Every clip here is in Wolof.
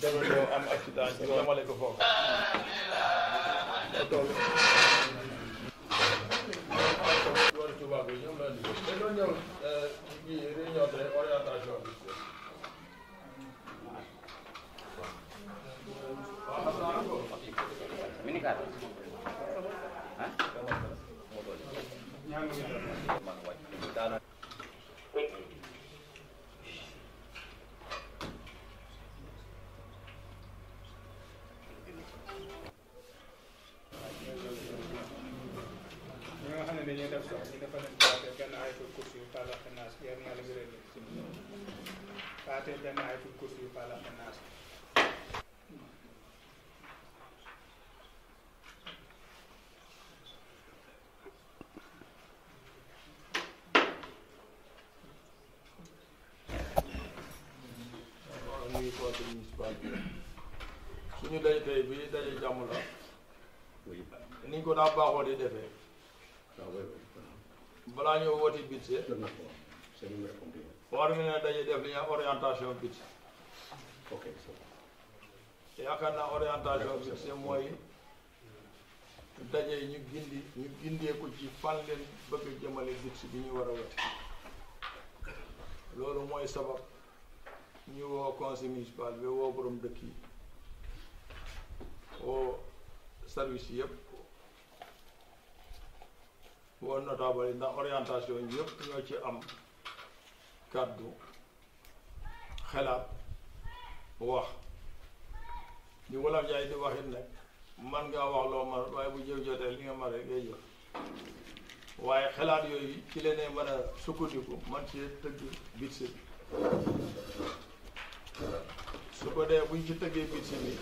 dama doon am accident ñu yemale ko foofu Minikat. Hah? started then to go to the up and ask. suñu day tey bi daje jàmm la ni ko daa baaxoo di defee balaa ñëw woti bitse armée ne dañuy def li ñuy orientation budget ok te yaakaar naa orientation budget mooy daje ñu gindi ñu gindee ci fan leen bëgg jëmale budget bi ñu war a wote loolu mooy sabab ñu woo conseil municipal bi woo dëkk yi woo service yëpp woo notable yi ndax orientation yëpp ñoo ci am kàddu xelaat wax ñu wolof jaay di waxit nag man ngaa wax loo man waaye bu jëf jotee li nga man rek ngay waaye xelaat yooyu ci leneen mën a sukkandiku man ci tëgg bit si bi su buñ ci tëggee bit si bi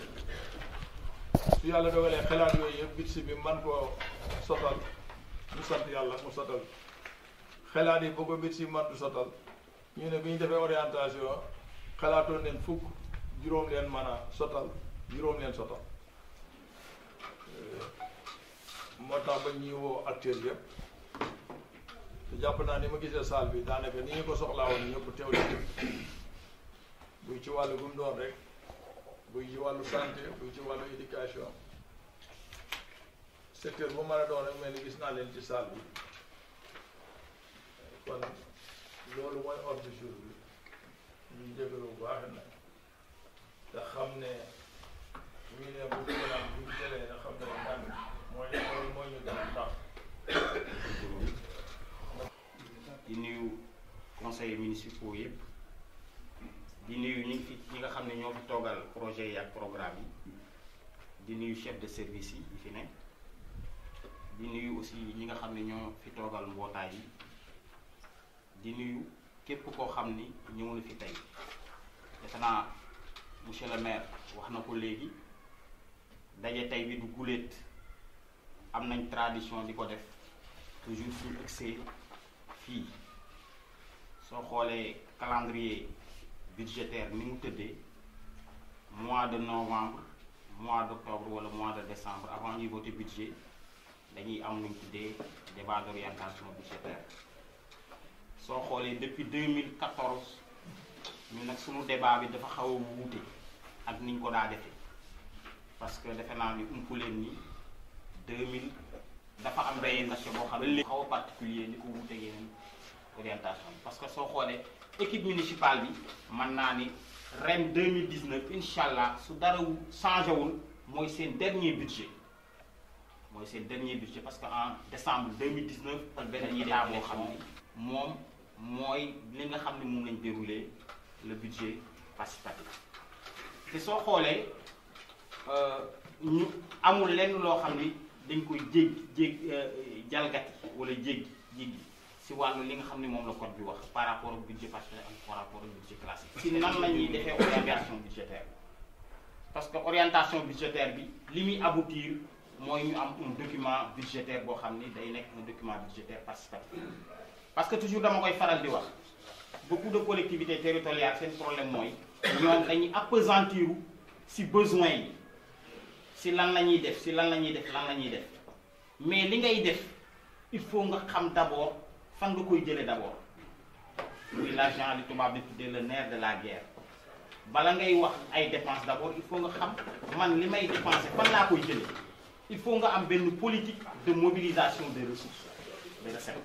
su yàlla dogalee xelaat yooyu yëpp bit si bi man koo sotal mu sant yàlla mu sotal xelaat yi boo ko bit si man du sotal ñu ne bi ñu defee orientation xalaatoon leen fukk juróom leen mën a sotal juróom leen sotal eh, moo tax ba ñuy woo acteurs yëpp te jàpp naa ni ma gisee salle bi daanaka ni ñu ko soxlaa woon ñëpp teew la buy ci wàllu gum rek bu ci wàllu santé buy ci wàllu éducation secteur bu ma a doon rek mel ni gis naa leen ci salle loolu mooy ordre du jour bi ñu jégalu bu baax na te xam ne ñu ne bu ñu naan bu ñu jëlee nga xam ne daan mooy loolu moo ñu daan tax. di nuyu conseil municipaux yëpp di nuyu ñi fi ñi nga xam ne ñoo fi toogal projet yi ak programme yi di nuyu chef de service yi fi ne di nuyu aussi ñi nga xam ne ñoo fi toogal mbootaay yi di nuyu képp koo xam ni ñëw na fi tey defe naa monsieur le maire wax na ko léegi daje tey bi du guléet am nañ tradition di ko def toujours suñu excès fii soo xoolee calendrier budgétaire ni mu tëddee mois de novembre mois d'octobre ou wala mois de décembre avant ñuy voter budget dañuy am luñ tuddee débat d'orientation budgétaire soo xoolee depuis 2014 ñun nag sunu débat bi dafa xaw a wuute ak niñ ko daa defee parce que defe naa ni umpu leen ni 2000 dafa am réorientation boo xam ne xaw a particulier ni ko wuute yeneen orientation parce que soo xoolee équipe municipale bi mën naa ni ren 2019 incha allah su dara changé wul mooy seen dernier budget mooy seen dernier budget parce que en décembre 2019 ak beneen yi daa boo xam ni moom moy li nga xamni mom lañ déroulé le budget participatif c'est soo xoolee euh, ñu amul lenn lo xamni dañ koy jég jég euh, jalgati wala jéggi jéggi si walu li nga xamni mom la code bi wax par rapport au budget participatif ak par rapport au budget classique si nan la ñuy orientation budgétaire parce que orientation budgétaire bi li aboutir moy ñu am un document budgétaire bo xamni day nekk un document budgétaire participatif parce que toujours dama koy faral di wax beaucoup de collectivités territoriales un problème mooy ñoom dañuy appesantiru si besoin yi si lan la def si lan la def lan la def mais li ngay def il faut nga xam d'abord fan nga koy jëlee d'abord Oui, l'argent li tubaab di tuddee le nerf de la guerre bala ngay wax ay dépenses d'abord il faut nga xam man limay may dépenser fan laa koy jëlé il faut nga am ben politique de mobilisation des ressources Ça. recettes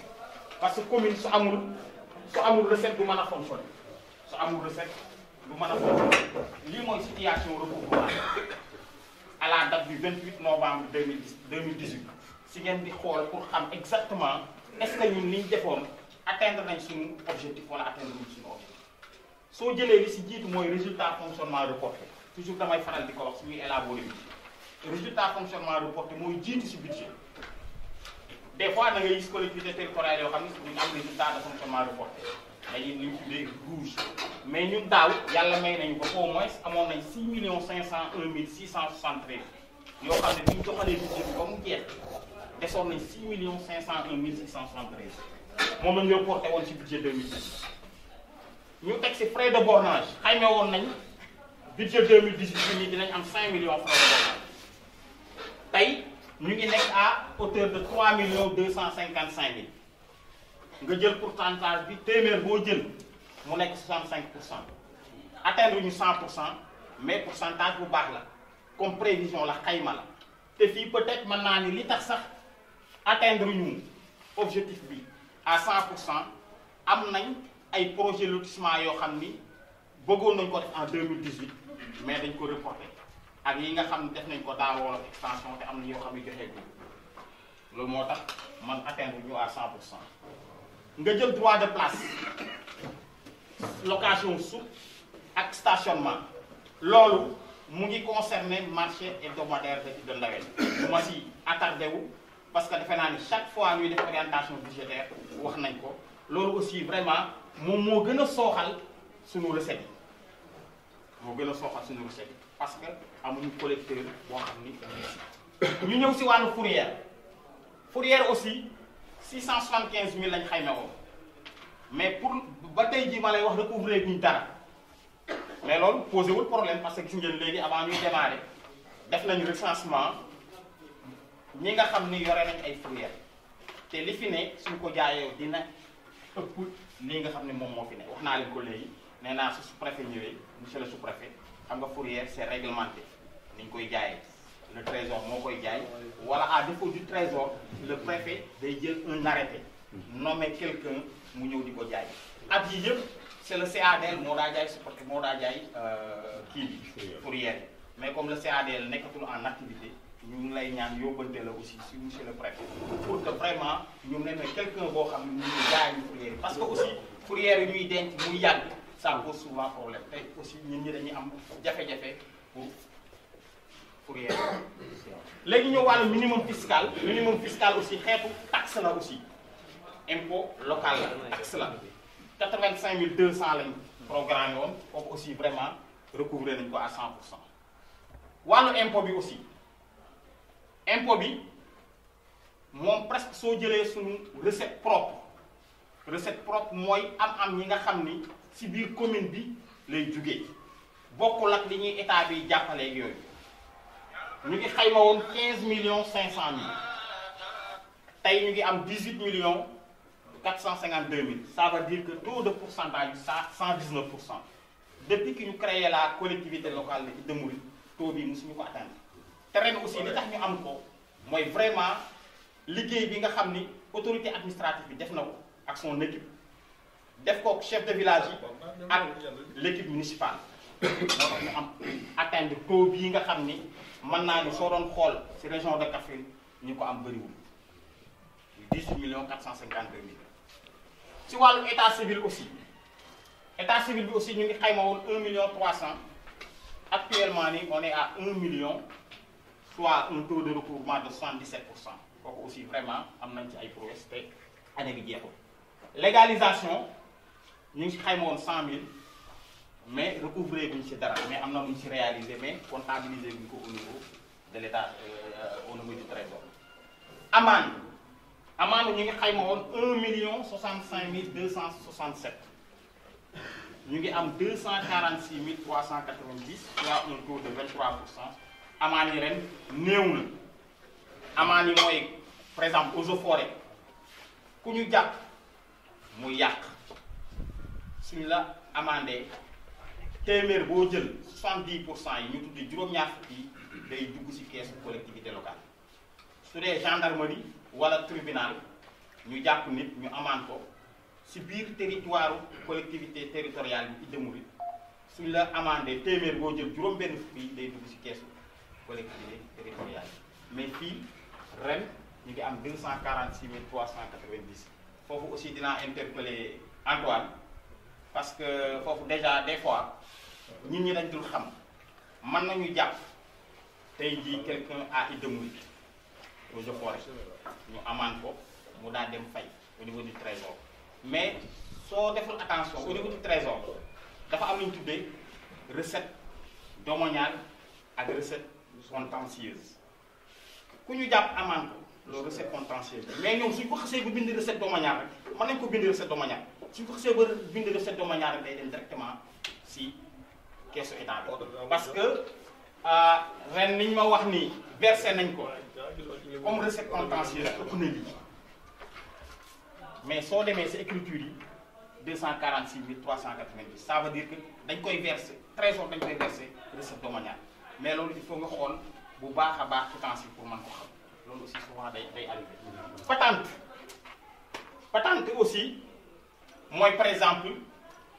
parce que commune su amul su amul recette du mën a fonctionner su amul recette du mën a fonctionner lii mooy situation recouvrement à la date du 28 novembre 2018 si vous di pour savoir exactement est-ce que nous liñ defoon atteindre nañ objectif wala atteindre notre objectif soo jëlee li si jiitu mon résultat fonctionnement reporté toujours damay faral di ko wax suñuy élaborer Le résultat fonctionnement reporté mooy de ce budget des fois da ngay gis des territoriale yoo xam ne duñ résultat de fonctionnement reporté dañuy li ñu tuddee rouges. mais nous avons yàlla may nañu au moins 6 500 501 673 yoo xam ne biñ joxalee budget bi ba mu jeex desoon nañ 6 millions 501 673 moom la reporté woon budget 2018 Nous avons des frais de bornage Le woon nañ budget 2018 bi nii 5 millions de francs de bornage nous sommes à hauteur de 3 millions 255 000. nga jël pourcentage bi téeméer 65 atteindre 100 mais pourcentage bu baax la comme prévision la xayma Et puis peut-être que nous li atteindre ñu à 100 Nous avons am nañ projet lotissement l'autisme à ni en 2018 mais dañ ko reporté ak yi nga xam ne def nañ ko daawoo ak extension te am na yoo xam ne joxee guñ loolu moo tax man atteindre ñu à 100 pour cent nga jël droit de place location sous ak stationnement loolu mu ngi concerner marché hebdomadaire de Ndawen bu ma si attardé wu parce que defe naa ni chaque fois ñuy def orientation budgétaire wax nañ ko loolu aussi vraiment moom moo gën a sooxal suñu recette yi moo gën a sooxal suñu recette yi parce que amuñu collecteur bo xamni ñu fourrière fourrière aussi 675 lañ mais pour ba tay ji malay wax dara mais problème parce que gis ngeen avant ñu démarrer def nañu recensement ñi nga xamni yoré nañ ay fourrière li fi ko dina nga fi préfet monsieur le sous-préfet xam nga fourrière c'est réglementé ni ñu koy jaayee le trésor moo koy jaay wala à défaut du trésor le préfet day jël un arrêté nommer quelqu'un mu ñëw di ko jaay at yi yëpp c'est le CADL moo daa jaay supporté moo daa jaay euh, kii bi fourrière mais comme le CADL nekkatul en activité ñu ngi lay ñaan yóbbante la aussi si monsieur le préfet pour que vraiment ñu ne quelqu'un boo xam ne ñu jaay ñu fourrière parce que aussi fourrière yi ñuy denc muy yàgg ça pose souvent problème et aussi nous ñi dañuy am jafe-jafe pour pour nous avons le minimum fiscal minimum fiscal aussi xeetu taxe aussi impôt local la taxe 85 200 le programme woon aussi vraiment recouvré à 100 pour l'impôt aussi impôt bi moom presque soo jëlee suñu recette propre recette propre mooy am am ñi nga ci biir commune bi lay jugé bokkul ak li ñi état bi jàppaleeg yooyu ñu ngi xayma woon 15 millions 500 000 tey ñu ngi am 18 millions 452 000. ça veut dire que taux de pourcentage ça 119 depuis que ñu créé la collectivité locale de Mouri, taux bi mosuñu ko atteindre terrain aussi li tax ñu am ko moy vraiment liguey bi nga xamni autorité administrative bi def nako ak son équipe def chef de village yi l'équipe municipale moo tax ñu am atteindre taux bii nga xam ni mën naa ni soo doon xool ci région de Kaffrine ñu ko am bëriwul dix-huit millions quatre cent cinquante-deux mille ci wàllu état civil aussi état civil bi aussi ñu ngi xayma woon un million trois actuellement nii on est à 1 million soit un taux de recouvrement de 77 pour cent aussi vraiment am nañ ci ay progrès te année bi jeexul légalisation nous avons 100 000 mais recouvrer guñ si mais am na mais comptabiliser au niveau de l'état euh, au niveau du trésor amaan amaan ñu ngi xayma 1 65 267 Nous avons 246 mille 390 qui a un taux de 23 pour cent amaan yi ren néew na amaan yi mooy eaux et forêt ku suñu la amandé téeméer bo jël soixante yi ñu tuddi juroom ñaar fukk yi day dugg ci caisse collectivité locale su dee gendarmerie wala tribunal ñu jàpp nit ñu amande ko ci biir territoire collectivité territoriale bi Idda Mouride suñ la amandé téeméer bo jël juróom-benn fukk yi day dugg ci caisse collectivité territoriale mais fii ren ñu ngi am deux cent foofu aussi dinaa interpeller Antoine parce que fofu déjà des fois nit ñi dañ dul xam man nañu japp tay ji quelqu'un à Idda Mouride aux Eaux-et-Forêts ñu amende ko mu daal dem fay au niveau du trésor mais soo deful attention au niveau du trésor dafa am ñu tuddé recette domaniale ak recette contentieuse ku ñu japp amane ko lo recette contentieuse mais ñoom suñ ko xasee bu bind recette domaniale rek man nañ ko bind recette domaniale suñ ko xasee ba bind def seen dooma ñaar dem directement si keesu état bi parce que euh, ren niñ ma wax nii versé nañ ko comme recette contentieuse mais soo demee si écriture yi deux cent quarante six ça veut dire que dañ koy versé fort, dañ koy versé recette domaniale mais loolu il faut nga xool bu baax a baax quittance pour mën ko xam loolu aussi souvent day day arrivé patente patente aussi moi par exemple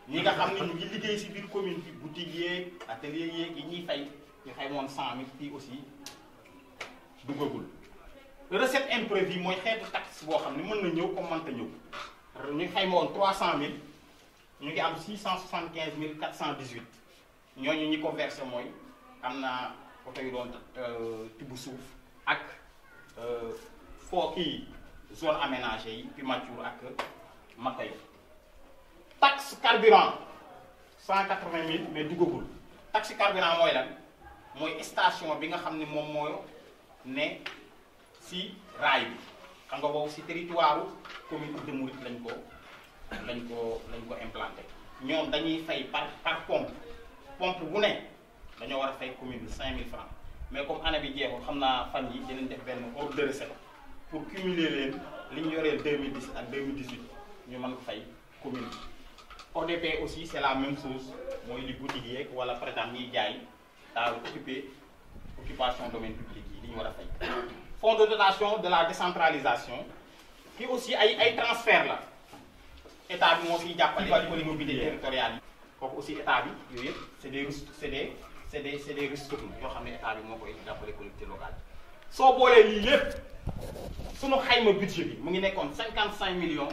ni nga nous ñu ici la ci commune les boutique les atelier yé yi ñi 100 000 fi aussi le recette imprévue moy xéetu nous bo xamni mën na ñëw comme nous ta ñëw Nous 300 000 nous avons 675 418 nous avons ko verser comme amna ko tay doon euh, tibu souf ak euh fo ki zone aménagée puis mature ak taxe carburant 180 000 mais mille mais taxe carburant moy lan moy station bi nga xamni mom moom mooy ne si raay bi xam nga boobu si territoire commune de Mouride lañ ko lañ ko lañ ko implanté ñom dañuy fay par par pompe pompe bu ne dañoo wara fay commune de francs mais comme année bi jeexul xamna fan yi dinañ def ben ordre de recette pour cumuler les liñ yoré 2010 ak 2018 ñu mën fay commune ODP aussi c'est la même chose mooy li boutique yeeg wala par exemple ñiy jaay daal occupé occupation domaine public yi li fay. fonds de dotation de la décentralisation Puis aussi ay ay transfert la état bi moo fiy jàppale. collectivités territoriales yi. aussi état bi c'est des c'est des c'est des c'est des ressources yoo xam ne état bi moo koy jàppale collectivité locale soo boolee lii yëpp sunu xayma budget bi mu ngi nekkoon 55 millions.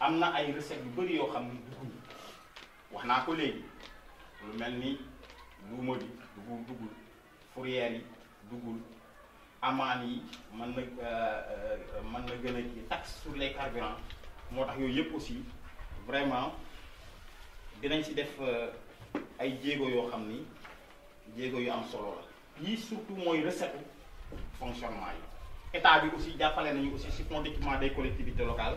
am na ay recettes yu bëri yoo xam ni dugguñu wax naa ko léegi lu mel ni luuma bi dugul dugul fourrière yi dugul amaan yi mën na euh, euh, mën na gën a kii taxe sur les carburants moo tax yooyu yëpp aussi vraiment dinañ ci def euh, ay jéego yoo xam ni jéego yu am solo la yii surtout mooy recette fonctionnement yi état bi aussi jàppale nañu aussi ci fonds d'équipement des collectivités locales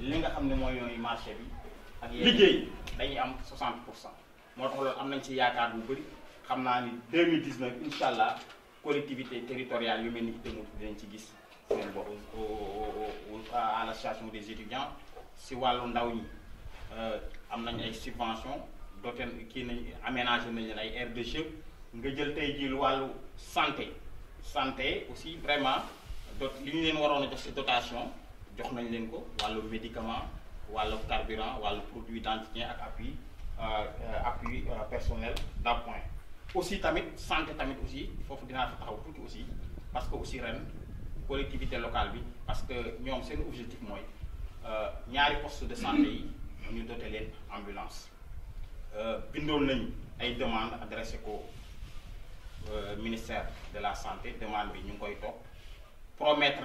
li nga xam ne mooy yooyu marché bi. ak yéen liggéey dañuy am 60 pour cent. moo tax loolu am nañ ci yaakaar bu bëri xam naa ni 2019 incha allah collectivité territoriale yu mel ni Idda Mouride dinañ ci gis seen bopp à l'association des étudiants si wàllu ndaw ñi euh, am nañ ay subventions doote kii nañ aménager nañ leen ay aire de jeu nga jël tey jii wàllu santé santé aussi vraiment dot li ñu leen waroon a jox si dotation jox nañ leen ko médicament ou carburant produit d'entretien appui euh, euh, euh, personnel d'appoint aussi la santé aussi foofu dinaa aussi parce que aussi ren collectivité locale parce que ñoom seen objectif avons ñaari poste de santé nous ñu ambulance bindoon nañ ay demande adressé ko ministère de la santé demande bi ñu koy promettre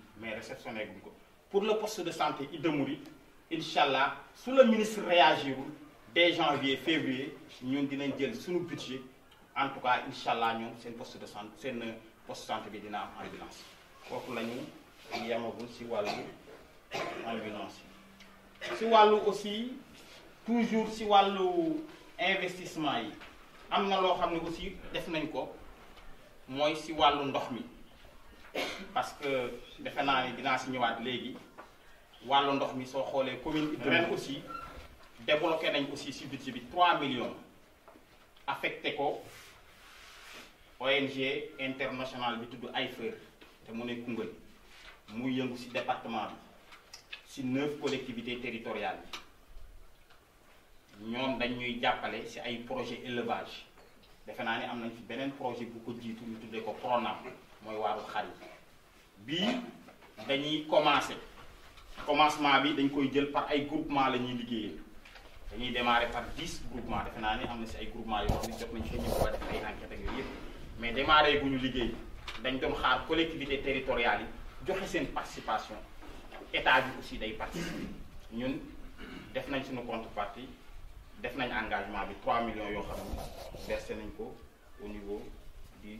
mais réceptionné guñ ko pour le poste de santé il demeure, inshallah, sous le ministre réagirul dès janvier février ñun dinañ jël suñu budget en tout cas inshallah allah ñoom poste de santé seen euh, poste de santé bi dina am ambulance kooku lañu ñu ci walu ambulance ci walu aussi toujours si walu investissement yi amna lo xamné aussi def nañ ko moy ci walu ndox parce que defe naa ne dinaa si ñëwaat léegi wàllu ndox mi soo xoolee commune bi ren aussi débloqué nañ aussi si budget bi 3 millions affecté ko ONG international bi tudd Ayfer te mu ne Koungheul muy yëngu si département bi si neuf collectivités territoriales bi ñoom dañ ñuy jàppale si ay projet élevage defe naa ne am nañ fi beneen projet bu ko jiitu ñu tuddee ko PRONAM moy waarul xarit bi dañuy commencer commencement bi dañ koy jël par ay groupement lañuy ñuy dañuy démarrer par 10 groupements defe naa ni amna ci ay groupement yo xamni ne jot nañ si ñëpp def ay enquêtes ak yooyu mais démarrer buñu ñu liggéey dañ doon xaar collectivité territoriale yi joxe seen participation état bi aussi day participer ñun def nañ suñu contrepartie def nañ engagement bi 3 millions yo xam ne versé nañ ko au niveau du.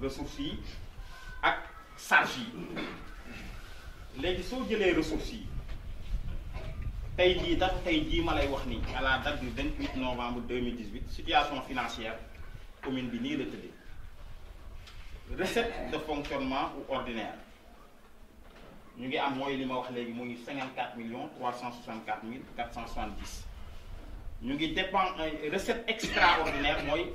ressources yi ak Les yi léegi ressources yi tey à la date du 28 novembre 2018 situation financière commune bi nii la recette de fonctionnement ou ordinaire ñu ngi am li 54 millions 364 470 ñu ngi dépend euh, recette extraordinaire mooy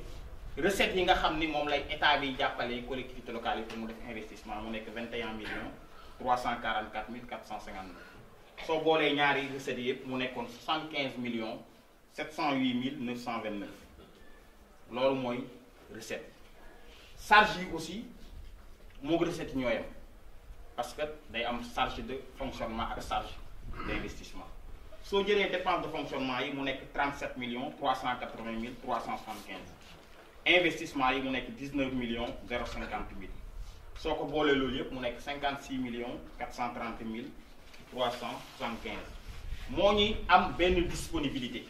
recette yi nga xam ni moom lay état bi jàppale collectivité locale yi pour mu def investissement mu nekk 21 millions 344 mille 459 soo boolee ñaari recettes yëpp mu nekkoon 75 millions 708 929 loolu mooy recette charge yi aussi moo recette ñoo parce que day am charge de fonctionnement ak charge d' investissement soo jëlee dépense de fonctionnement yi mu nekk 37 millions 380 375 investissement yi mu nekk 19 millions 050 000. soo ko boolee loolu yëpp mu nekk 56 millions 430 375 moo ñuy am benn disponibilité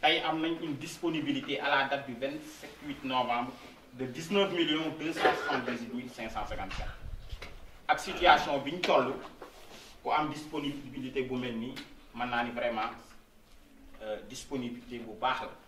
tey am nañ une disponibilité à la date du 28 novembre de 19 millions 278 554 ak situation bi ñu toll ku am disponibilité bu mel nii mën naa ni vraiment euh, disponibilité bu baax la.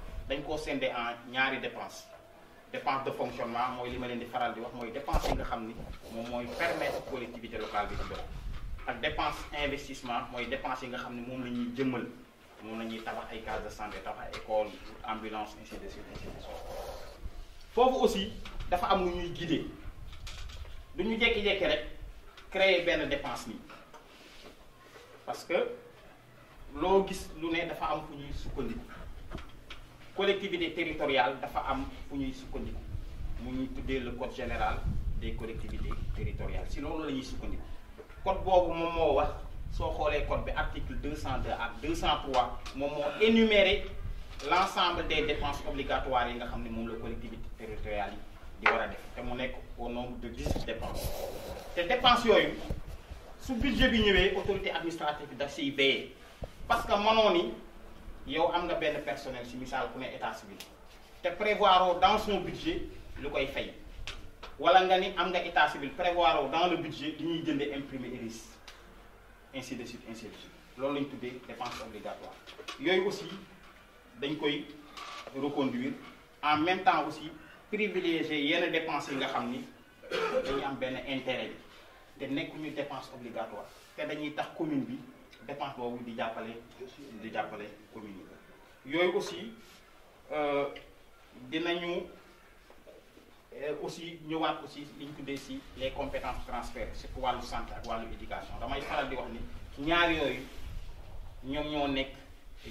dañ ko scindé en ñaari dépenses dépenses de fonctionnement moy li ma leen di faral di wax moy dépenses yi nga xamni mom moy mooy permettre collectivité locale bi di dox ak dépenses investissement moy dépenses yi nga xamni mom lañuy jëmmal mom lañuy tabax ay cases de santé tabax école ambulance ainsi de suite ainsi de suite foofu aussi dafa am lu ñuy guider duñu ñu jékki rek créer benn dépense ni parce que loo gis lu ne dafa am fu ñuy sukkandiku. Collectivités territoriales. dafa am fu ñuy sukkandiku mu ñuy le code général des collectivités territoriales si loolu la ñuy sukkandiku code boobu moom moo wax soo code bi article 202 à 203 moom moo énuméré l'ensemble des dépenses obligatoires yi nga xam ne moom la collectivité territoriale di au nombre de 10 dépenses Ces dépenses yooyu su budget bi ñëwee autorité administrative daf siy béyee parce que mënoo ni yow am nga benn personnel ci misaal ku ne civil te prévoir dans son budget lu koy fay wala nga ni am nga état civil prévoir dans le budget li ñuy jëndee imprimé iris ainsi de suite ainsi de suite loolu lañ tuddee dépense obligatoire yooyu aussi dañ koy reconduire en même temps aussi privilégier les dépenses yi nga xam ni dañuy am benn intérêt bi te nekkuñu dépense obligatoire te dañuy tax commune bi dépense boobu di aussi euh, euh, aussi aussi les compétences transfert cest le le centre, quoi l'éducation. ma histoire di wax ni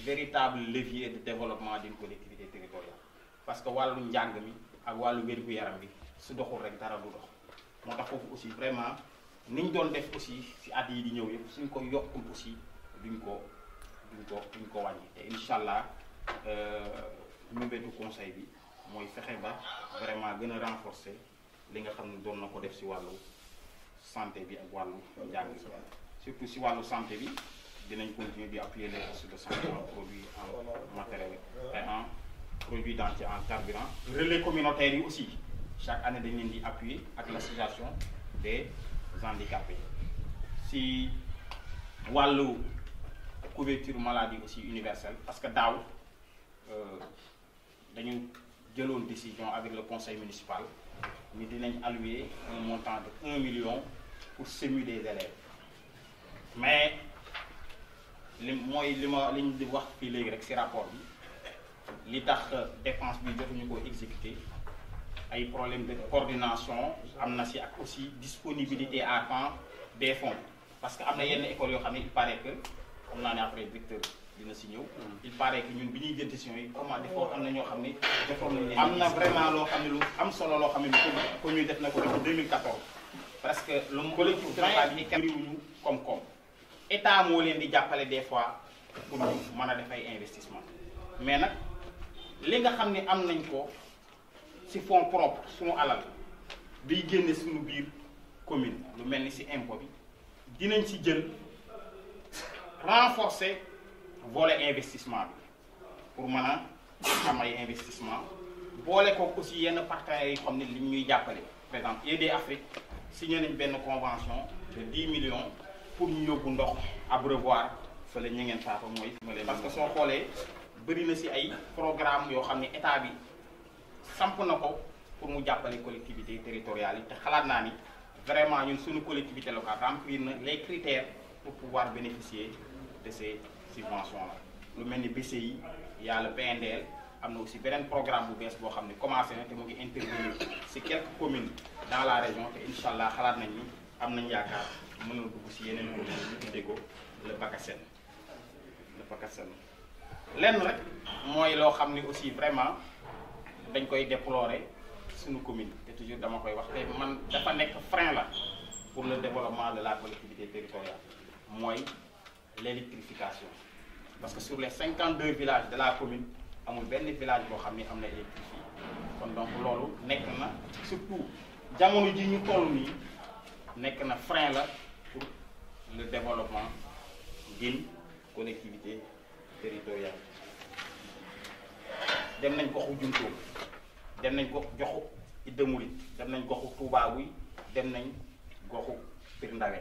véritable levier de développement d'une collectivité territoriale parce que nous avons mi ak yaram bi su doxul aussi vraiment niñ aussi si aussi duñ ko duñ ko duñ ko wàññi te incha allah mébétu euh, conseil bi mooy fexe ba vraiment gën renforcer li nga xam ne doon na ko def si wàllu santé bi ak wàllu njàng bi surtout si wàllu santé bi dinañ continuer di appuyer les postes de santé en produits en matériel en produits dentiers en carburant relais communautaires aussi chaque année dañ leen di appuyer ak l'association des handicapés si wàllu couverture maladie aussi universelle parce que nous euh, dañu une décision avec le conseil municipal nous avons allouer un montant de 1 million pour semer des élèves mais li mooy de ma li di wax rapport bi li tax dépense bi exécuté ko exécuter ay problème de coordination am aussi disponibilité à temps des fonds parce que am et yenn école il paraît que xam naa ne après Victor dina si ñëw. il paraît que ñun bi ñuy jël décision yi comment defoon am na ñoo xam ne. defoon nañu am na vraiment lo xamni lu am solo lo xamni ne ko ñuy def nako ko depuis 2014. parce que lu mu collectif travail bi ñu comme comme état mo leen di jappalé des fois pour ñu mën a def ay investissement mais nak li nga xamni am nañ ko ci fonds propre suñu alal biy génné suñu biir commune lu melni ci impôt bi dinañ ci jël renforcer volet investissement pour maintenant, a un investissement boole ko aussi yenn partenaires yi li ñuy par exemple aider Afrique signer une bonne convention de 10 millions pour ñu nous ndox abreuvoir sur que nous saako parce que son volet brille na si ay programme yoo xam état bi samp pour mu les collectivités territoriales et nous xalaat vraiment ñun collectivité locale remplir les critères pour pouvoir bénéficier de ces subventions là Le mel BCI, il y a le PNDL y a aussi un programme bu a commencé à intervenir sur quelques communes dans la région et Inch'Allah, il y nañ ni am nañ yaakaar mën na si yeneen communes le Bakassène le Bakassène L'un rek mooy loo aussi vraiment dañ koy déplorer suñu commune te toujours dama koy wax que man dafa un frein la pour le développement de la collectivité territoriale moy l'électrification parce que sur les 52 villages de la commune il y village boo village qui a été électrifié donc c'est nekk na surtout jamono ji ñu toll nii c'est un frein la pour le développement d'une connectivité territoriale dem nañ goxu Juntóom dem nañ gox joxu Idda dem nañ goxu Touba Guy dem nañ goxu Pire Ndawe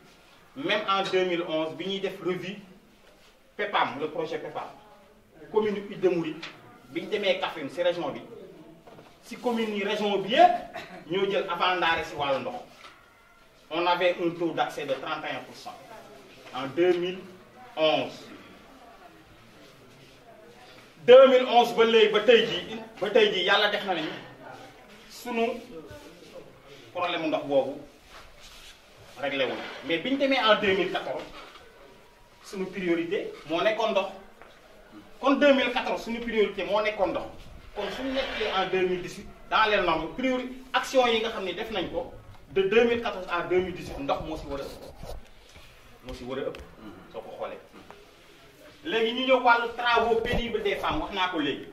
même en 2011 bi ñuy def revue PEPAM le projet PEPAM commune de Mouride bi ñu demee Kaffrine la région bi si commune yi région bi nous ñoo avant d'arrêter, on avait un taux d'accès de 31 en 2011. en 2011 2011 ba a ba tey jii ba def problème réglé wuñ mais biñ ñu en 2014 suñu priorité mo nekkoon dox kon 2014 suñu priorité mo nekkoon dox kon suñu nekkee en 2018 dans les normes priorité action yi nga xam def nañ ko de 2014 à 2018 ndox mo si wara mo ëpp moo si war ëpp soko xolé légui ñu ñëw wal travaux pénibles des femmes wax naa ko légui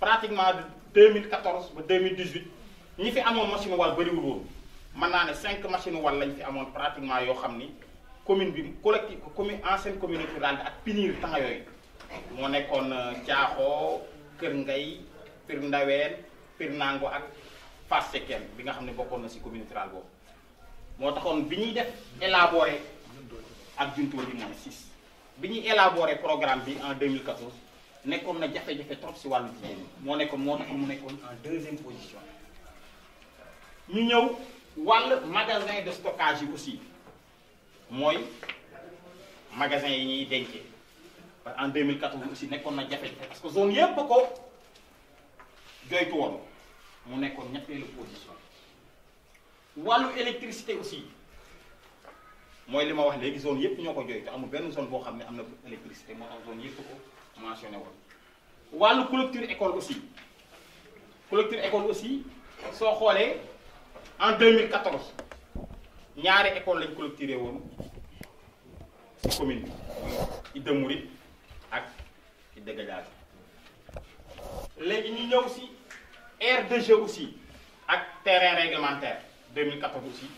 pratiquement de 2014 ba 2018 ñi fi amoon machine wàll bëriwul woon man naa ne cinq machines wal lañ fi amoon pratiquement yoo xam ni commune bi collectif commune ancienne communauté rurale ak Pinir temps yooyu moo nekkoon Caaxoo euh, Kër Ngay Kër Ndaween Kër Nango ak Fass Cekkeen bi nga xam ne bokkoon na si communauté rurale boobu moo taxoon bi ñuy def élaborer ak junto bi mooy six bi ñuy élaboré programme bi en 2014 nekkoon na jafe-jafe trop si wàllu jigéen moo nekkoon moo tax mu nekkoon en deuxième position ñu ñëw le magasin de stockage aussi moi magasin yi en 2014 aussi qu'on a parce que zone yépp ko joytu pas le position ou électricité aussi moi les zone yépp zone on électricité zone yépp ko mentionné ou école aussi Collecteur école aussi en 2014 ñaari école lañ clôturé woon ci commune bi de Mouride ak Idda Gadiaga légui ñu ñëw ci RDG aussi ak terrain réglementaire 2014 aussi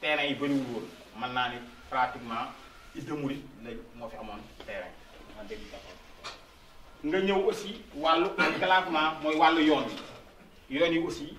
terrain yi bëriwul woon man naa ni pratiquement ils Mouride la moo fi amoon terrain en 2014 nga ñëw aussi wàllu enclavement mooy wàllu yoon yi yoon yi aussi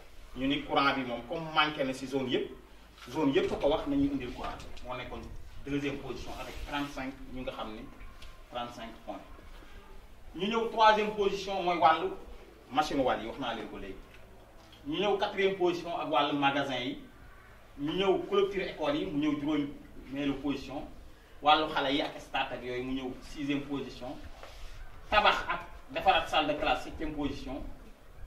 ñu courant bi moom comme manqué na si zone yëpp zone yëpp ko wax nañu indil courant bi moo nekkoon deuxième position avec 35 ñu nga xam ni 35 points ñu ñëw troisième position mooy wàllu machine wàll yi wax naa leen ko léegi ñu ñëw quatrième position ak wàllu magasin yi ñu ñëw clôture école yi mu ñëw juróom meelu position wàllu xale yi ak stade ak yooyu mu ñëw sixième position tabax ak defaraat salle de classe septième position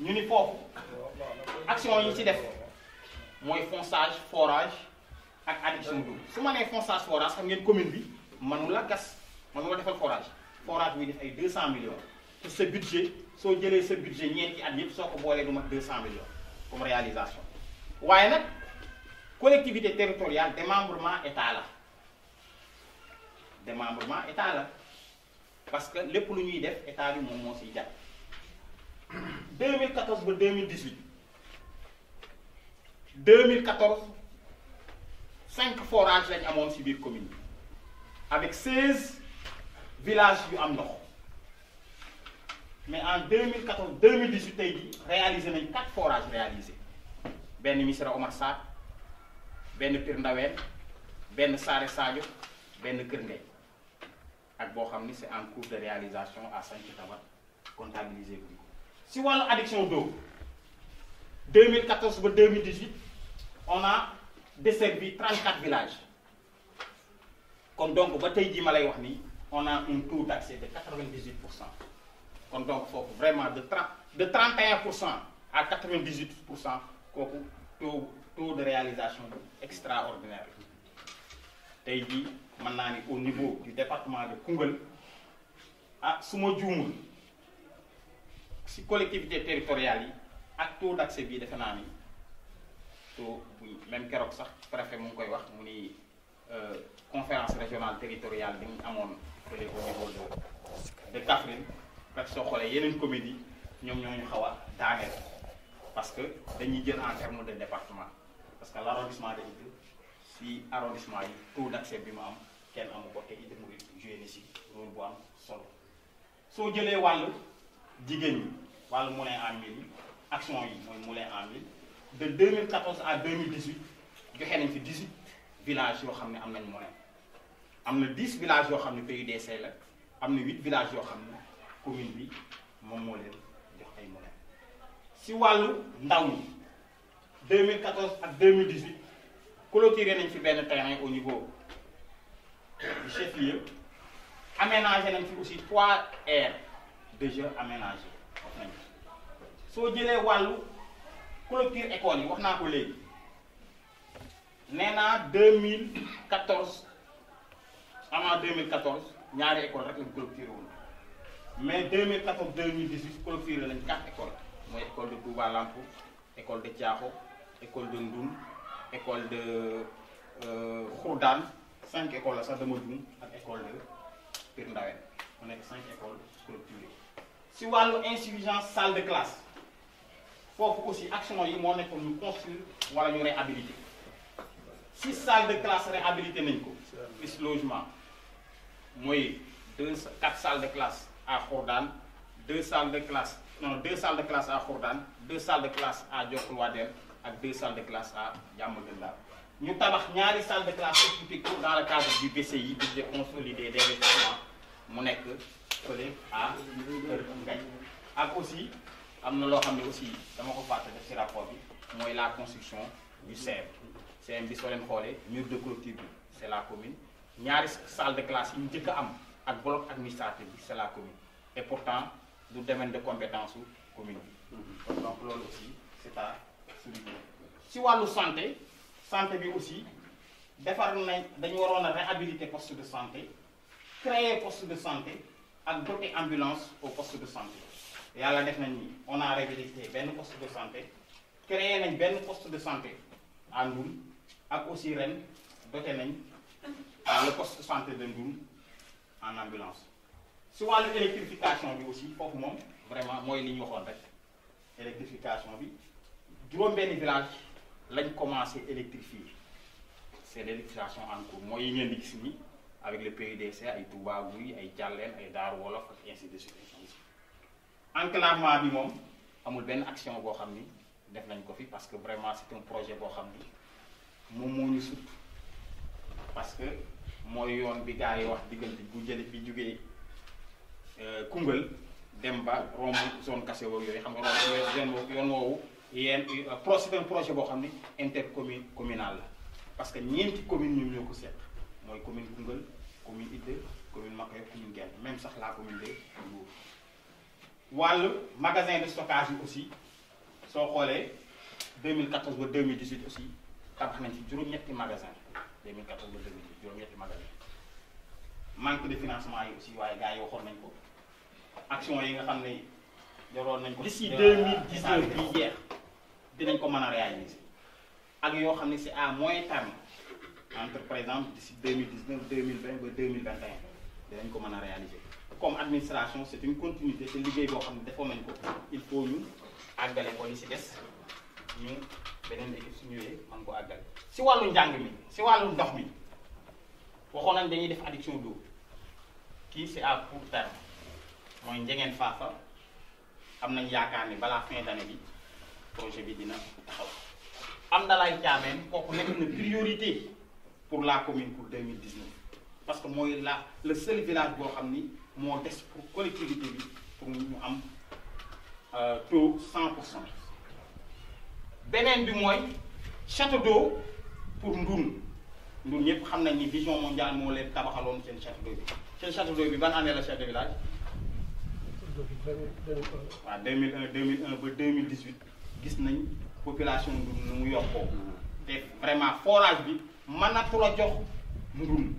ñu ni action yi def fonçage forage ak d'eau de fonçage forage commune forage forage 200 millions Ce Ce budget budget 200 millions comme réalisation collectivité territoriale démembrement état la démembrement état là, parce que le lu 2014 2018 2014 5 forages lañ un ci biir commune avec 16 villages yu am mais en 2014 2018 tay di réalisé 4 forages réalisés ben Missirah Omar Sarr ben Pire Ndaween ben Sadio ben Keur Ngay ak c'est en cours de réalisation à 5 Tabat comptabilisé si avez addiction d'eau 2014 2018 on a desservi 34 villages Comme donc on a un taux d'accès de 98 Comme donc vraiment de 31 à 98 pour taux de réalisation extraordinaire tey maintenant au niveau du département de Koungheul à ah, Sumo si collectivité territoriale yi ak taux d'accès bi defe naa ni taux même keroog sax préfet mu ngi koy wax mu ni euh, conférence régionale territoriale bi ñu amoon fële au niveau de de Kaffrine presque soo xoolee yeneen communes yi ñoom ñoo ñu xaw a parce que dañuy jël en terme de département parce que l' arrondissement de Idr si arrondissement yi taux d' accès bi mu am kenn amu ko te Idr mu joué ni si bu am solo soo jëlee wàllu jigéen ñi. action de 2014 à 2018 nous nañ ci 18 villages qui ont ne am nañ 10 villages yo xamné des des la y 8 villages qui ont commune bi mom jox ay si vous ndaw 2014 à 2018 clôturé nañ ci des terrain au niveau du chef-lieu aménagé nañ ci aussi 3 aires de jeu soo jëlee wàllu clôture école yi wax naa ko léegi nee 2014 avant 2014 ñaari école rek lañ clôturé woon mais 2014 2018 clôturé lañ quatre écoles mooy école de Touba Lampo école de Thiaxo école de Ndoum école de euh, Khourdan cinq écoles la sax dama l'école école de Pire On a nekk cinq écoles clôturées si wàllu insuffisance salle de classe faut aussi action yi nek pour nous construire wala ñu réhabiliter six salles de classe réhabilité nañ ko plus logement moy deux quatre salles de classe à Khourdan deux salles de classe non deux salles de classe à Khourdan deux salles de classe à diokhul et ak deux salles de classe à Diamaguène nous ñu tabax ñaari salles de classe spécifiques dans le cadre du BCI budget consolidé des mu nek fële à Ngaye ak aussi am na loo aussi dama ko fàtte def ci rapport bi mooy la construction du CEM CEM un soo leen xoolee mur de clôture la commune. la commune ñaari salle de classe yi ñu njëkk am ak bloc administratif c'est la commune et pourtant du domaine de compétence commune mhm. donc loolu aussi c'est à à souligner si la santé santé bi aussi nous nañ dañu le réhabiliter poste de santé créer poste de santé ak doter ambulance au poste de santé yàlla def nañ ni on a réhabilité benn poste de santé créé nañ benn poste de santé à Ndoum ak aussi ren doté nañ le poste de santé de Ndoum en ambulance si l'électrification électrification bi aussi foofu moom vraiment mooy li ñu waxoon rek électrification bi juróom-benn village lañ commencé électrifier c' est l' électrification en cours mooy yi ngeen di gis nii avec le PUDC ay Touba Gouye ay Diallen ay Darou Wolof ak ainsi de suite enclavement bi moom amul benn action boo xam ni def nañ ko fi parce que vraiment c'est un projet boo xam ni moom moo ñu sut parce que mooy yoon bi gars yi wax diggante bu jële bi jugee euh, Koungheul dem ba romb zone Kassé woowu yooyu xam nga zone yoon woowu yéen euh, pro c'est un projet boo xam ni intercommune communal la parce que ñeenti commune ñoom ñoo ko seq mooy commune Koungheul commune Idde commune makkay commune Guène même sax la commune de Mbour wal magasin de stockage aussi So, xoolee 2014 ba 2018 aussi tabax nañ ci juróom-ñetti magasin 2014 2018 juróom-ñetti magasin manque de financement aussi waaye gars yi nañ ko action yi nga xam ne nañ ko. d'ici 2019 bi Dès dinañ ko mën réaliser ak yoo xam ne c'est à temps. terme entre par exemple d'ici 2019 2020 ba 2021 dinañ ko mën réaliser comme administration c'est une continuité c'est l'idée qu'on a ne defoon il faut ñu agaler ko li Nous, des ñu beneen équipe su ñëwee mën ko àggale si wàllu njàng mi si wàllu ndox mi waxoon nañ dañuy def addiction d'eau Qui c'est à court terme mooy njegeen faafa am nañ yaakaar ni la fin d' année bi projet bi dina am na lay caameen kooku nekk na priorité pour la commune pour 2019 parce que moi, le seul village boo xam moo des pour collectivité bi pour ñu am euh, taux cent pour cent bi moy château d'eau pour Ndour Ndour ñep xam nañ ni vision mondiale mo leen tabaxalon sen château d'eau bi seen château d'eau bi ban année la chef de village. waaw 2001 2001 ba 2018 gis nañ population Ndour nu mu yokkoo mm. te vraiment forage bi manatu la jox Ndour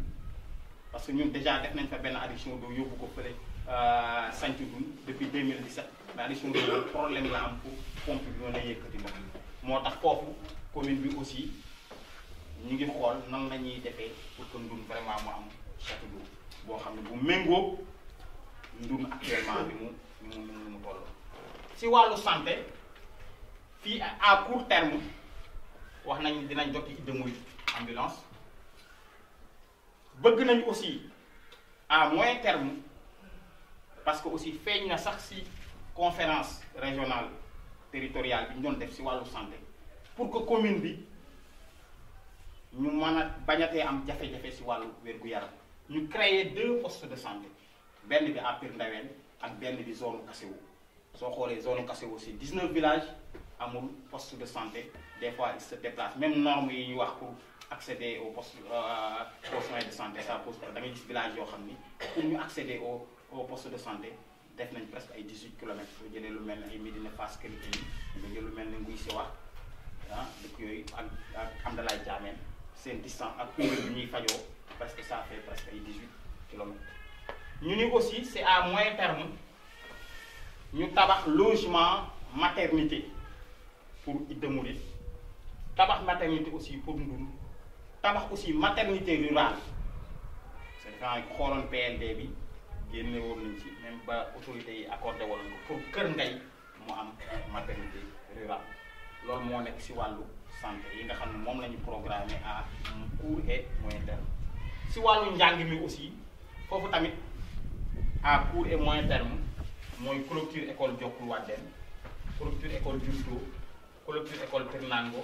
parce que ñun déjà def nañ fa ben addiction do yóbbu ko fële euh, Santhioudoune depuis 2017 mais addiction do problème la am pour pompe bi mën a yëkkati ndox moo tax foofu commune bi aussi ñi ngi xol nan lañuy défé pour que Ndoune vraiment mo am château d'eau boo xam bu mengo Ndoune actuellement bi mu ñu mu mu toll si walu santé fi à court terme wax nañ dinañ jot ci idée muy ambulance bëgg nañ aussi à moyen terme parce que aussi feeñ na sax ci conférence régionale territoriale bi ñu doon def ci wàllu santé pour que commune bi ñu mën a bañatee am jafe-jafe ci wàllu wér yaram ñu créer deux postes de santé benn bi à Pire Ndaween ak benn bi zone Kasewo soo xoolee zone Kasewo ci 19 villages amul poste de santé des fois ils se déplacent même normes ils ñu wax pour accéder au poste euh, aux soins de santé ça pose problème dans les villages yoo pour ñu accéder au au poste de santé def nañ presque ay 18 km pour jëlé lu mel ne ay Médina Fass Keur Gorgui jël lu mel ne Nguy Sewa ah dëkk yoy ak ak Amdalaay Jaameen seen distance ak kuréel bi ñuy parce que ça fait presque ay 18 km ñu ni aussi c'est à moyen terme ñu tabax logement maternité pour Idda Mouride tabax maternité aussi pour Ndoul tabax aussi maternité rurale c'est quand xooloon PLD bi génne woon nañ ci même ba autorités yi accordé woon ko pour Kër Ngay mu am maternité rurale loolu moo nekk si wàllu santé yi nga xam ne moom la programme programmé à court et moyen terme si wàllu njàng mi aussi foofu tamit à court et moyen terme mooy clôture école Jokkul Wadeen clôture école Justo clôture école Pirnango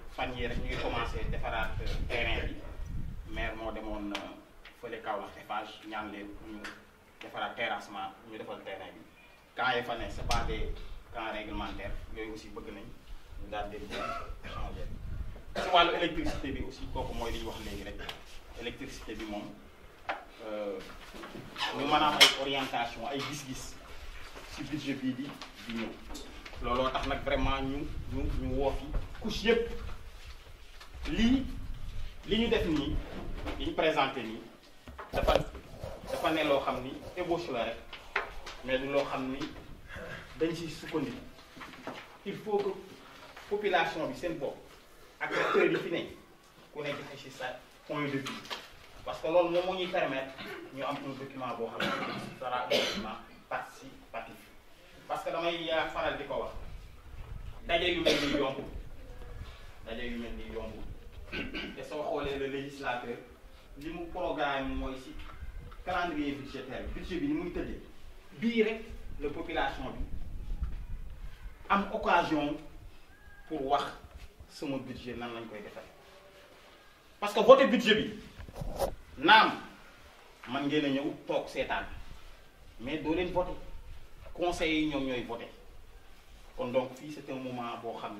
fan rek ñu commencé euh, terrain bi maire euh, la ñu terrassement ñu terrain bi fa c'est pas des camps réglementaires aussi bëgg nañ changer électricité aussi li wax rek électricité euh, orientation ay gis si budget di di vraiment ñu lii li ñu def nii li ñu présenté nii dafa dafa ne loo xam ni ébauche la rek mais loo xam ni dañ ci sukkandiku il faut que population bi seen bopp ak acteurs yi fi ne ku ne joxe ci sa point de vue parce que loolu moom moo ñuy permettre ñu am un document boo xam ne sera un document participatif parce que damay euh, faral di ko wax daje yu mel ni yomb daje yu mel ni yomb son soo xoolee le législateur li mu programme mooy si calendrier budgétaire budget bi ni muy tëddee bii rek la population bi am occasion pour wax sama budget nan lañ koy defal parce que voté budget bi naam man ngeen a ñëw toog seetaan mais doo leen voté conseil yi ñoom ñooy voté donc fii c'est un moment boo xam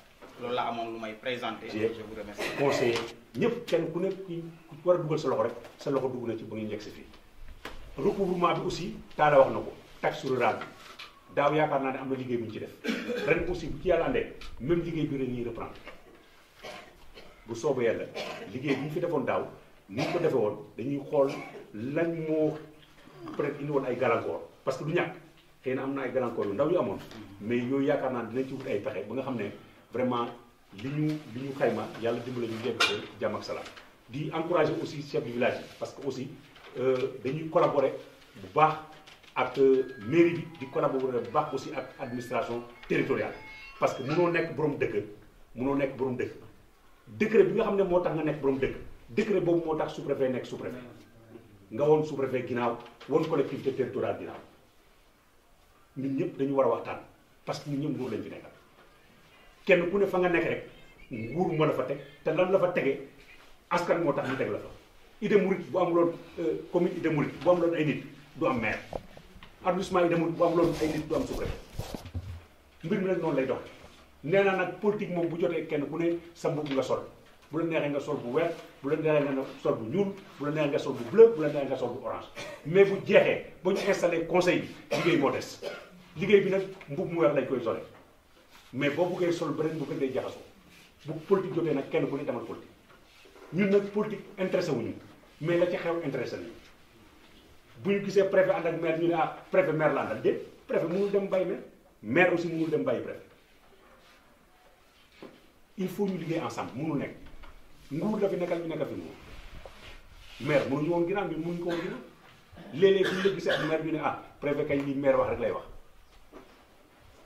loolu la amoon lu may présenté je vous remercie conseiller ñëpp kenn ku nekk ku war a dugal sa loxo rek sa loxo dugg na ci ba ngeen yegg si fii recouvrement bi aussi taala wax na ko taxe rural bi daaw yaakaar naa ne am na liggéey bu ñu ci def ren aussi bu ci yàlla àndee même liggéey bi dañuy reprendre bu soobee yàlla liggéey bi ñu fi defoon daaw ni ko defee woon dañuy xool lañ moo peut être indi woon ay gàllankoor parce que du ñàkk xëy na am na ay gàllankoor yu ndaw yu amoon mais yooyu yaakaar naa dinañ ci wut ay pexe ba nga xam ne vraiment li ñu li ñu xayma yàlla dimbale ñu yegg ko jàmm ak di encourager aussi chef du parce que aussi euh, dañuy collaborer bu baax ak euh, mairie bi di collaborer bu baax aussi ak administration territoriale parce que mënoo nekk borom dëkk mënoo nekk borom dëkk décret bi nga xam ne moo tax nga nekk borom dëkk décret boobu moo tax sous-préfet nekk sous-préfet nga woon sous-préfet ginnaaw woon collectivité territoriale ginnaaw ñun ñëpp dañu war a waxtaan parce que ñun ñëpp nguur lañ fi nekkal kenn ku ne fa nga nekk rek nguur moo la fa teg te lan la fa tegee askan moo tax ñu teg la fa idée murit bu am loon murit bu am loon ay nit du am maire arrondissement idée murit bu am loon ay nit du am sous-préfet mbir mi nag noonu lay dox nee naa nag politique moom bu jotee kenn ku ne sa mbubb nga sol bu la neexee nga sol bu vert bu la neexee nga sol bu ñuul bu la neexee nga sol bu bleu bu la neexee nga sol bu orange mais bu jeexee ba ñu installé conseil bi liggéey moo des liggéey bi nag mbub mu weex lañ koy solee mais boo buggee sol beneen bu gën day jaxasoo bu politique jotee nag kenn ku ne demal politique ñun nag politique wu wuñu mais la ci xew intéressé la bu ñu gisee préfet ànd ak maire ñu ne ah préfet maire la ak déet préfet mënul dem bàyyi maire maire aussi mënul dem bàyyi préfet il faut ñu liggéey ensemble mënul nekk nguur la fi nekkal bi nekkal fi nguur maire mënuñu woon ginaa bi mënuñu ko woon ginnaaw léeg-léeg bu ñu la gisee ak maire ñu ne ah préfet wax rek lay wax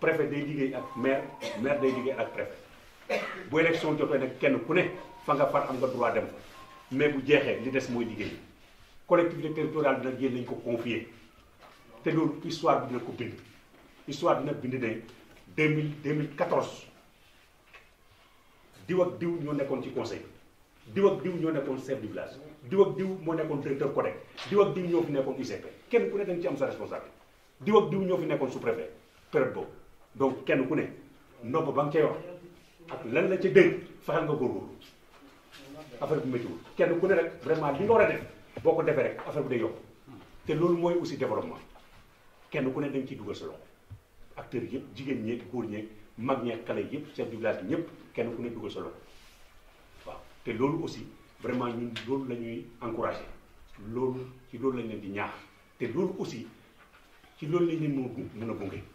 préfet day liggéey ak maire maire day liggéey ak préfet bu élection kenn ne fa nga far am nga droit dem mais bu jeexee li des collectivité territoriale bi nag ko confier histoire bi histoire bi 2014 diw diw ci conseil diw diw ñoo nekkoon chef du village diw directeur fi kenn dañ ci am sa responsabilité diw fi préfet donc kenn ku ne ndomb ba nga ca wax ak lan la ca dégg fexeel nga góorgóorlu affaire bi météo kenn ku ne rek vraiment li nga war a def boo ko defee rek affaire bi day yokk te loolu mooy aussi développement kenn ku ne dañ ci dugal sa loxo acteurs yëpp jigéen ñeeg góor ñeeg mag ñeeg xale yëpp chef du village ñëpp kenn ku ne dugal sa loxo waaw te loolu aussi vraiment ñun loolu la ñuy encouragé loolu ci loolu lañ leen di ñaax te loolu aussi ci loolu lañ leen mën a a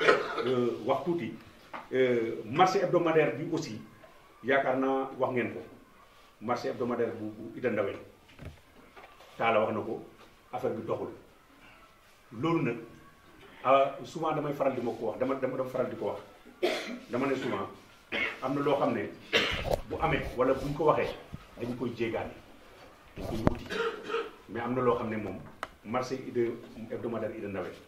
Euh, wax tuuti euh, marché hebdomadaire bi aussi yaakaar naa wax ngeen ko marché hebdomadaire bu bu Ida Ndawen Talla wax na ko affaire bi doxul loolu nag ah, souvent damay faral di ma ko wax dama dama faral di ko wax dama ne souvent am na loo xam ne bu amee wala buñ ko waxee dañ koy jéegaane dañ koy wuti mais am na loo xam ne moom marché Ida hebdomadaire Ida Ndawen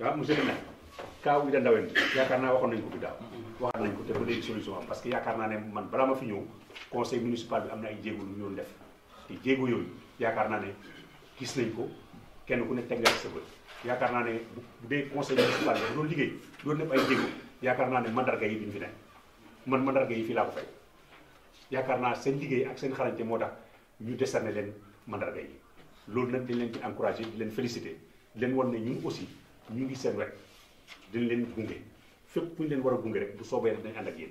waaw monsieur le maire kaaw bi da ndawen yaakaar naa waxoon nañ ko fi daaw mm-hmm. waxaat nañ ko te ba léegi solution am parce que yaakaar naa ne man balaa ma fi ñëw conseil municipal bi am na ay jéego lu ñu doon def te jéego yooyu yaakaar naa ne gis nañ ko kenn ku ne teg nga sa bët yaakaar naa ne bu dee conseil municipal bi bu doon liggéey doon def ay jéego yaakaar naa ne mandarga yi duñ fi ne man mandarga yi fii laa ko fay yaakaar naa seen liggéey ak seen xarañte moo tax ñu décerné leen mandarga yi loolu nag dañ leen ci encouragé di leen félicité di leen wan ne aussi ñu ngi seen wet dañ leen gunge fépp fu ñu leen war a gunge rek bu soobee dinañ ànd ak yéen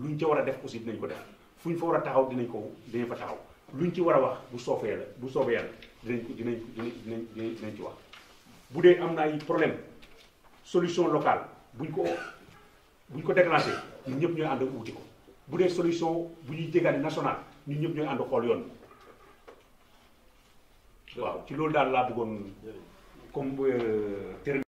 luñ ca war a def aussi dinañ ko def fuñ fa war a taxaw dinañ ko dinañ fa taxaw luñ ci war a wax bu soofee la bu soobee yàlla dinañ ko dinañ dinañ dinañ dinañ ci wax bu dee am na ay problème solution locale buñ ko buñ ko déclenché ñun ñëpp ñooy ànd wuti ko bu dee solution bu ñuy jégaane nationale ñun ñëpp ñooy ànd xool yoon waaw ci loolu daal laa bëggoon comme euh,